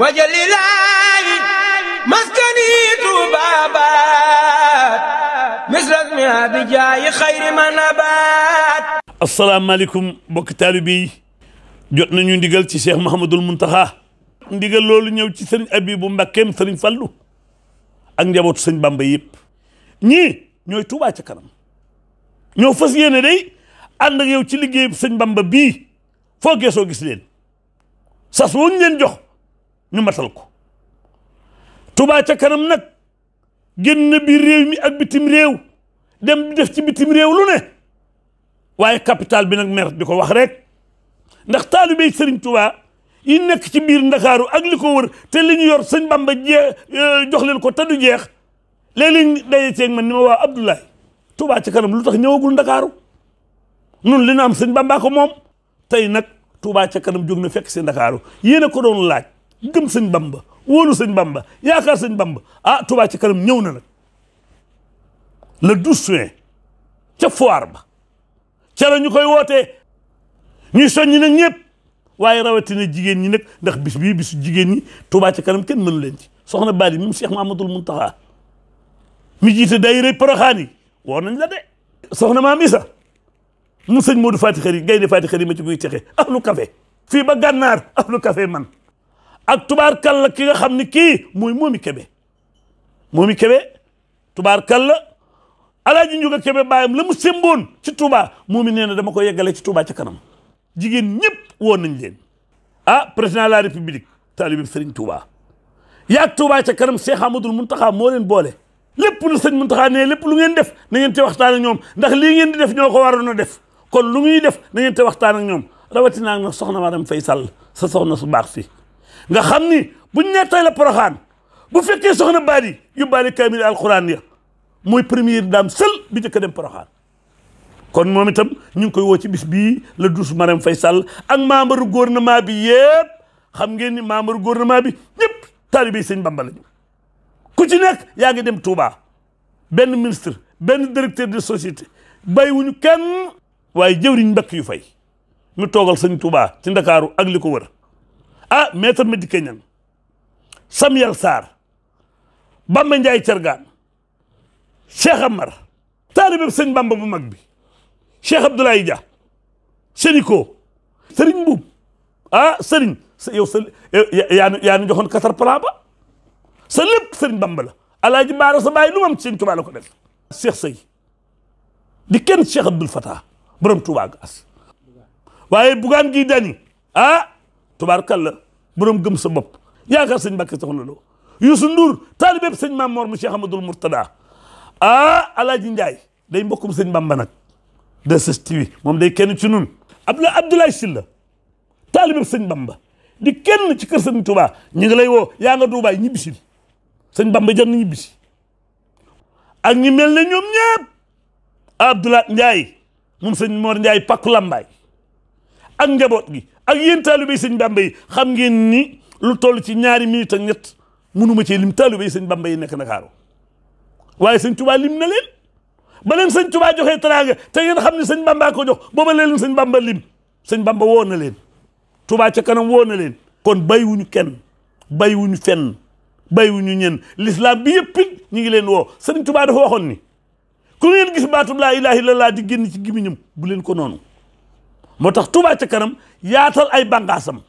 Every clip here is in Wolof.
wajalilaayi maskani tuubaabaat misras mi abijaayi xayri manabaat asalaamaaleykum mbokki taalibe yi jot nañu ndigal ci cheikh Mouhamadul Muntaxa ndigal loolu ñëw ci sëriñ Abibu Mbakkeem sëriñ Fallu ak njabootu sëñ Bamba yëpp ñii ñooy Tuubaa kanam ñoo fas yéene day ànd ak yow ci liggéey sëñ Bamba bii foo geesoo gis leen sas wuñ leen jox ñu matal ko Touba ca kanam nag génn bi réew mi ak bitim réew dem def ci bitim réew lu ne waaye capital bi nag mer di ko wax rek ndax taalibey Serigne Touba yi nekk ci biir Ndakaaru ak li ko wër te li ñu yor sëñ Bamba jee eh, jox leen ko te du jeex léeg-léeg daje man ni ma waa Abdoulaye Touba ca kanam lu tax ñëwagul Ndakaaru nun li na sëñ Bamba ko moom tey nag Touba ca kanam jóg na fekk si Ndakaaru yéen a ko doon laaj gëm sëñ bamba wóolu sëñ bamba yaakaar sëñ bamba ah Touba ci kanam ñëw na nag le douze juin ca foire ba ca la ñu koy wootee ñuy soññi nag ñëpp waaye rawatina jigéen ñi nag ndax bis bii bisu jigéen ñi Touba ci kanam kenn mënu leen ci soxna Bali mi Cheikh Mahamadul Muntaxa mi jiite daayira Poroxaan yi woo nañ la de na maam Isa mu sëñ Modou Fati Xari gaynde Fati Xari ma ci guy texe ahlu café fii ba gànnaar ahlu kafe man ak tubaarkalla ki nga xam ni kii mooy moomi kebe moomi kebe tubaarkalla alaaji njuga kebe baayam la mu semboon ci Touba moomi nee na dama ko yeggale ci Touba ca kanam jigéen ñëpp woon nañ leen ah président de la république taalibi Serigne Touba yaag Touba ca kanam Cheikh Amadou Mountakha moo leen boole lépp lu sëñ Mountakha ne lépp lu ngeen def na ngeen te waxtaan ak ñoom ndax lii ngeen di def ñoo ko waroon a def kon lu muy def na ngeen te waxtaan ak ñoom rawatina nag soxna Marème Faye Sall sa soxna su baax si nga xam ni bu buñ nettay la poroxaan bu fekkee soxna baat yi yóbbaale kaamil alquran ya mooy première dame seul bi njëkk a dem poroxaan kon moom itam ñu ngi koy woo ci bis bii le douze Marème Faye Sall ak membre gouvernement bi yëpp xam ngeen ni membre gouvernement bi ñëpp taalibe sëñ Bamba lañu ku ci nekk yaa ngi dem Touba benn ministre benn directeur de société bàyyiwuñu kenn waaye jëwriñ mbëkk yu fay mu toogal sëñ Touba ci Ndakaaru ak li ko wër ah maître Madické Niang Samuel Sarr Bamba Ndiaye Thiergane Cheikh Amar taalibe sëñ Bamba bu mag bi Cheikh Abdoulaye Dia Séniko ko Mbuub ah Serigne sa yow sa yaa yaa katar plan ba sa lépp Serigne Bamba la Alaaji Baara sa bàyyi lu mu am ko def Cheikh Sey di kenn Cheikh Abdoul Fatah borom Tuubaa gaas waaye bugaan gi ah, tubaarkalla borom gëm sa bopp yaakaar sëñ Mbàkke soxna loo Youssou Ndour taalibeeb sëñ Maam Mor mu Cheikh Amadou Mourtada ah Alaaji Njaay day mbokkum sëñ Bamba nag de ses tiwi moom day kenn ci nun Abdoulaye Abdoulaye Sylla taalibeeb sëñ Bamba di kenn ci kër sëñ Touba ñu ngi lay woo yaa nga Duubaay ñibbisil sëñ Bamba jar na ñibbisi ak ñi mel ne ñoom ñëpp Abdoulaye Ndiaye moom sëñ Mor Ndiaye Pakku Lambaay ak njaboot gi ak yéen taalibey sëñ Bamba yi xam ngeen ni lu toll ci ñaari minute ak ñett mënuma ci lim taalibey sëñ Bamba yi nekk Ndakaaru waaye sëñ Tuubaa lim na leen ba leen sëñ Tuubaa joxee teraanga te ngeen xam ne sëñ Bamba ko jox booba leen sëñ Bamba lim sëñ Bamba woo na leen tubaa ca kanam woo na leen kon bàyyiwuñu kenn bàyyiwuñu fenn bàyyiwuñu ñenn l'islam bi yëpp ñu ngi leen woo sëñ Tuubaa dafa waxoon ni ku ngeen gis baatub laa ilaaha illallaah di génn ci gimiñam bu leen ko noonu moo tax Touba ca kanam yaatal ay bànqaasam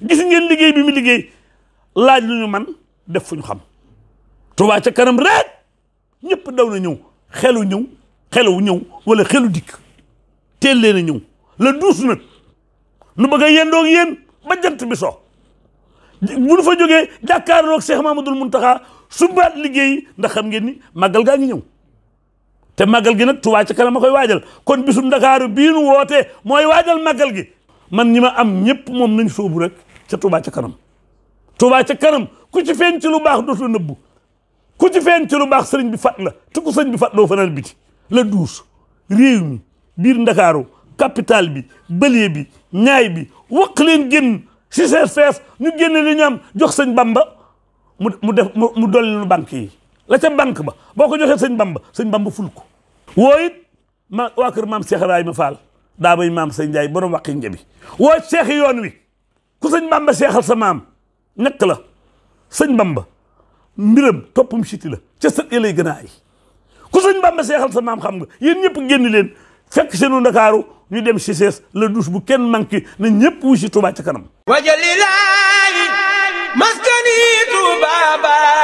gis ngeen liggéey bi mu liggéey laaj lu ñu man def fu ñu xam Touba ca kanam rek ñëpp daw na ñëw xelu ñëw xelu ñëw wala xelu dikk teel leen a ñëw la duus nag nu bëgg a yendoog yéen ba jant bi fa bu nu fa jógee jàkkaarloog dul mun taxa subaat liggéey ndax xam ngeen ni màggal gaa ngi ñëw te màggal gi nag Touba ca kanam a koy waajal kon bisum Ndakaaru bii nu wootee mooy waajal màggal gi man ñi ma am ñëpp moom nañ soobu rek ca Touba ca kanam Touba ca kanam ku ci feeñ ci lu baax dootu nëbbu ku ci feeñ ci lu baax sëriñ bi fat la te ku sëriñ bi fat doo fanaan biti la duus réew mi biir Ndakaaru capital bi bële bi ñaay bi waq leen génn si sees fees ñu génne li ñu am jox sëñ Bamba mu mu def mu dolli lu banque yi la ca banque ba boo ko joxee sëñ bamba sëñ bamba ful ko woo ma waa kër maam Cheikh Ibrahima Fall daa bay maam sëñ Ndiaye borom waqi njabi see cheikh yoon wi ku sëñ bamba seexal sa maam nekk la sëñ bamba mbiram toppum siti la ca sët ya lay gën a ay ku sa maam xam nga yéen ñëpp génn leen fekk seenu ndakaaru ñu dem si sees la douche bu kenn manqué na ñëpp wu si Touba ca kanam wajalilaayi maskani Touba